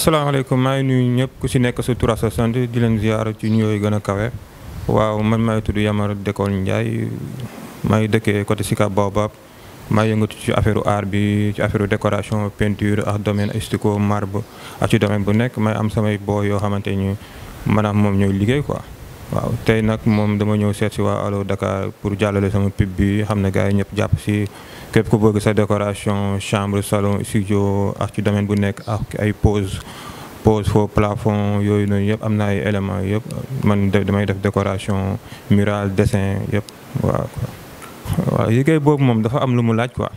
salaamaaleykum maa ngi nuyu ñëpp ku si nekk sa tur ak di leen ziar ci nuyoo yi gën a kawe waaw man maa tudd Yamar Décolle Ndiaye maa ngi dëkkee côté ci Baobab maa ngi yëngatu ci affaire aar bi ci affaire décoration peinture a domaine stucco marbre ak ci domaine bu nekk may am samay boo yoo xamante ni maanaam moom ñooy liggéey quoi. waaw tey nag moom dama ñëw seet si waa Allo Dakar pour jàllale sama pub bi xam ne gars ñëpp jàpp si. képp ku que sa décoration chambre salon studio art du domaine bu nekk ak ay pose pose faux plafond yooyu noonu yëpp amna élément, ay éléments yëpp man damay def décoration mural dessin yëpp waaw waaw liggéey boobu mom dafa am lu mu laaj quoi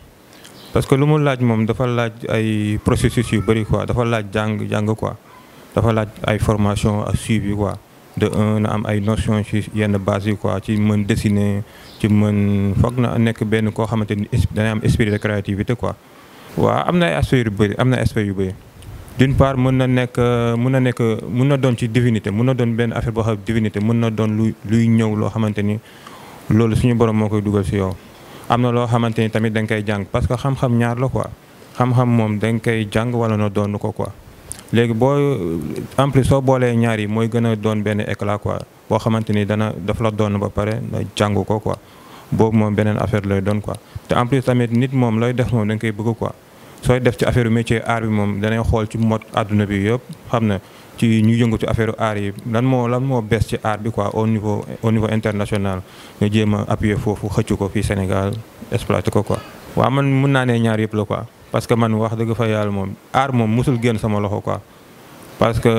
parce que lu mu laaj mom dafa laaj ay processus yu bari quoi dafa laaj jang jang quoi dafa laaj ay formation à suivre quoi de un na am ay notion ci yenn base yi quoi ci mën dessiner ci mën foog na nekk benn koo xamante ni dana am esprit de créativité quoi. waaw am na ay aspects yu bëri am na aspects yu bëri d'une part mën na nekk mën na nekk mën na doon ci divinité mën na doon benn affaire boo xam divinité mën na doon luy luy ñëw loo xamante ni loolu suñu borom moo koy dugal si yow. am na loo xamante ni tamit da nga koy jàng parce que xam-xam ñaar la quoi xam-xam moom da nga koy jàng wala na doon ko quoi. léegi boo en plus soo boolee ñaar yi mooy gën a doon benn éclat quoi boo xamante ni dana daf la doon ba pare jàngu ko quoi boobu moom beneen affaire looy doon quoi te en plus tamit nit moom looy def moom da koy bëgg quoi sooy def ci affaire métier art bi moom danay xool ci mot àdduna bi yëpp xam na ci ñuy yëngu ci affaire art yi lan moo lan moo bees ci art bi quoi au niveau au niveau international ñu jéem a appuyer foofu xëcc ko fii Sénégal exploité ko quoi waaw mun naa ne ñaar yëpp la quoi parce que man wax dëgg fa yàlla moom aar moom mosul génn sama loxo quoi parce que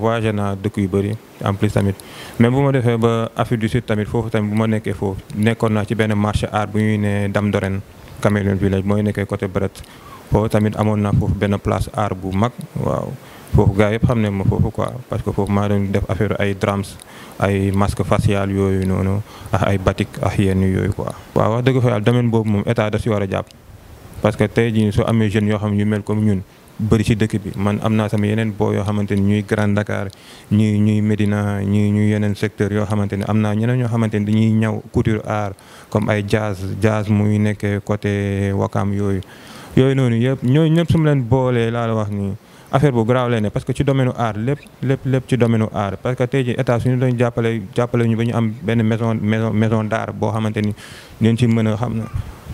voyagé naa dëkk yu bëri en plus tamit mais bu ma defee ba Afrique du Sud tamit foofu tamit bu ma nekkee foofu nekkoon naa ci benn marché art bu ñuy ne Damdoren Cameroun village mooy nekkee côté Brett foofu tamit amoon na foofu benn place art bu mag waaw foofu gars yëpp xam ne ma foofu quoi parce que foofu maa doon def affaire ay drams ay masque facial yooyu noonu ak ay batik ak yenn yooyu quoi. waaw wax dëgg fa yàlla domaine boobu moom état da si war a jàpp. parce que tey jii soo amee jeunes yoo xam ne ñu mel comme ñun bëri ci dëkk bi man am naa sama yeneen boo yoo xamante ni ñuy Grand Dakar ñuy ñuy Médina ñuy ñuy yeneen secteur yoo xamante ne am naa ñeneen ñoo xamante ni dañuy ñaw couture art comme ay jazz jazz muy nekk côté Wakam yooyu. yooyu noonu yëpp ñooñu ñëpp su ma leen boolee laa wax nii affaire bu grave lay parce que ci domaine art lépp lépp lépp ci domaine que tey jii état suñu doon jàppale jàppale ñu ba ñu am benn maison maison maison d'art boo xamante ni ñu ci mën a xam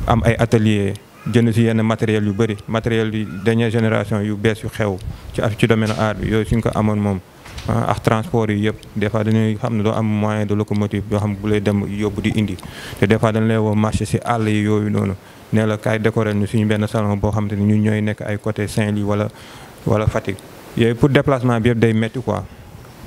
am ay atelier jënd si yenn matériel yu bëri matériel yu dernière génération yu bees yu xew ci af ci domaine art bi yooyu suñ ko amoon moom ah, ak transport yi yëpp des fois dañuy xam ne doo am moyen de locomotive yoo xam bu lay dem yóbbu di indi te des fois dañ lay woo marché si àll yi yooyu noonu nee la kaay décorer ñu benn salon boo xam te ne ñun ñooy nekk ay côté Saint-Louis wala wala Fatick yooyu pour déplacement bi yëpp day métti quoi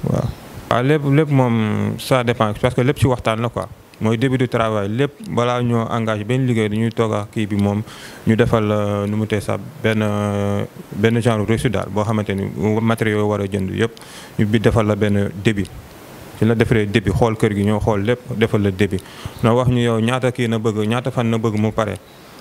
waaw. waaw lépp lépp moom ça dépend parce que lépp si waxtaan la quoi. mooy début du travail lépp balaa ñoo engagé benn liggéey dañuy toog kii bi moom ñu defal euh, nu mu tee sax benn euh, benn genre reçu daal boo xamante ni matériaux war jënd yëpp ñu bi defal la benn débit si la defaree débit xool kër gi ñoo xool lépp defal la débit na wax ñu yow ñaata kii na bëgg ñaata fan na bëgg mu pare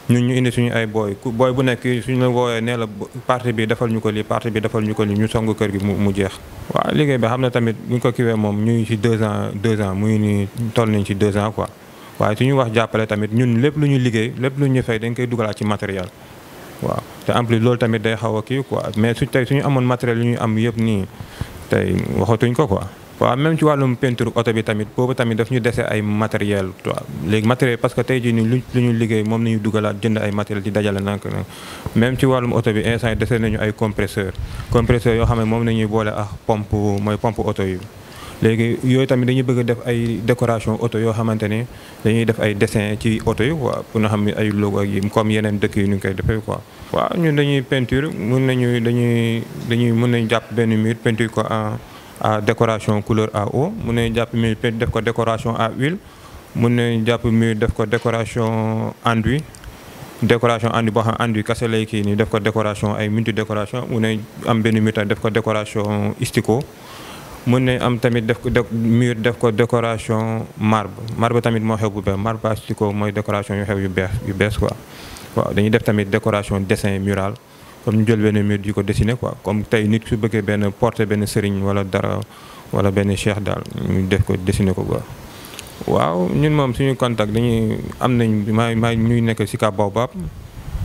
ñun ñu indi suñu ay booy ku booy bu nekk suñu la wooyee nee la parti bi defal ñu ko lii parti bi defal ñu ko lii ñu song kër gi mu jeex. waaw liggéey bi xam ne tamit buñ ko kiwee moom ñu ngi ci deux ans deux ans muy nii toll nañ ci deux ans quoi waaye ñu wax jàppale tamit ñun lépp lu ñu liggéey lépp lu ñu fay dañ koy dugalaat ci matériel. waaw te en loolu tamit day xaw a kii quoi mais su tey suñu amoon matériel yu ñuy am yëpp nii tey waxatuñ ko quoi. waaw même ci wàllum peinture oto bi tamit boobu tamit daf ñu dese ay matériel quoi léegi matériel parce que tey jii ni lu lu ñu liggéey moom nañu dugalaat jënd ay matériel di dajale nank na même ci wàllum oto bi instant yi dese nañu ay compresseur compresseur yoo xam ne moom nañuy boole ak pompe mooy pompe oto yi léegi yooyu tamit dañuy bëgg def ay décoration oto yoo xamante ni dañuy def ay dessin ci oto yi waa pour nga xam ne ay logo ak yi comme yeneen dëkk yi ñu koy defee quoi. waaw ñun dañuy peinture mun nañu dañuy dañuy mun nañu jàpp benn mur peinture ko à décoration couleur à eau mun nañu de décoration à huile mur décoration enduit décoration enduit enduit décoration décoration am décoration am tamit décoration marbre marbre tamit marbre décoration yu yu décoration dessin mural comme ñu jël benn mur di ko dessiner ko comme tey nit su bëggee benn porté benn sëriñ wala dara wala benn cheikh daal ñu def ko dessiner ko quoi. waaw ñun moom suñu contact dañuy am nañ maa maa ñuy nekk si Kaab Baobab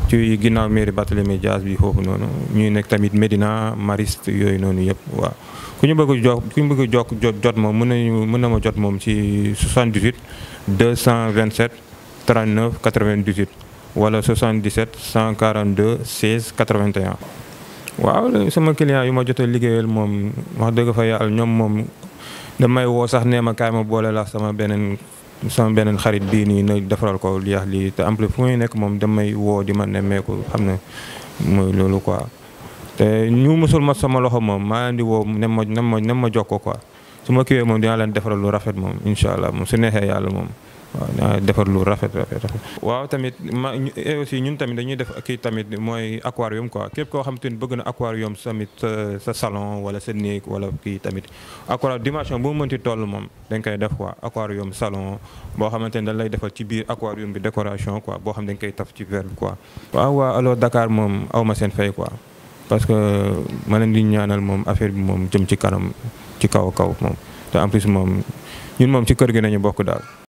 ci ginnaaw mairie Barthélémy Dias bi foofu noonu ñuy nekk tamit Médina Mariste yooyu noonu yëpp waaw. ku ñu bëgg jo ku ñu bëgg jokk jot moom mën nañu mën na ma jot moom ci 78 227 39 98. wala 77 142 16 81. waaw sama client yu ma jot a liggéeyal moom wax dëgg fa yàlla ñoom moom damay woo sax nee ma kaay ma boole la sama beneen sama beneen xarit bii nii na defaral ko li lii te en plus fu muy nekk moom damay woo di ma nemmeeku xam ne mooy loolu quoi. te ñu mësul ma sama loxo moom maa leen di woo nem ma nem ma nem ma jokkoo quoi su ma kiiwee moom dinaa leen defaral lu rafet moom incha allah moom su neexee yàlla moom. waaw defar lu rafet waaw tamit ma eh, aussi ñun tamit dañuy def kii tamit mooy aquarium quoi képp koo xam te ni bëgg na aquarium tamit sa sa salon wala sa néeg wala kii tamit aquarium dimension boo mënti toll moom dañ koy def quoi aquarium salon boo xamante ni dañ lay defal ci biir aquarium bi décoration quoi boo xam dañ koy taf ci verre bi quoi. waaw waaw alors Dakar moom aw ma seen fay quoi parce que ma leen di ñaanal moom affaire bi moom jëm ci kanam ci kaw kaw moom te en plus moom ñun moom ci kër gi nañu bokk daal.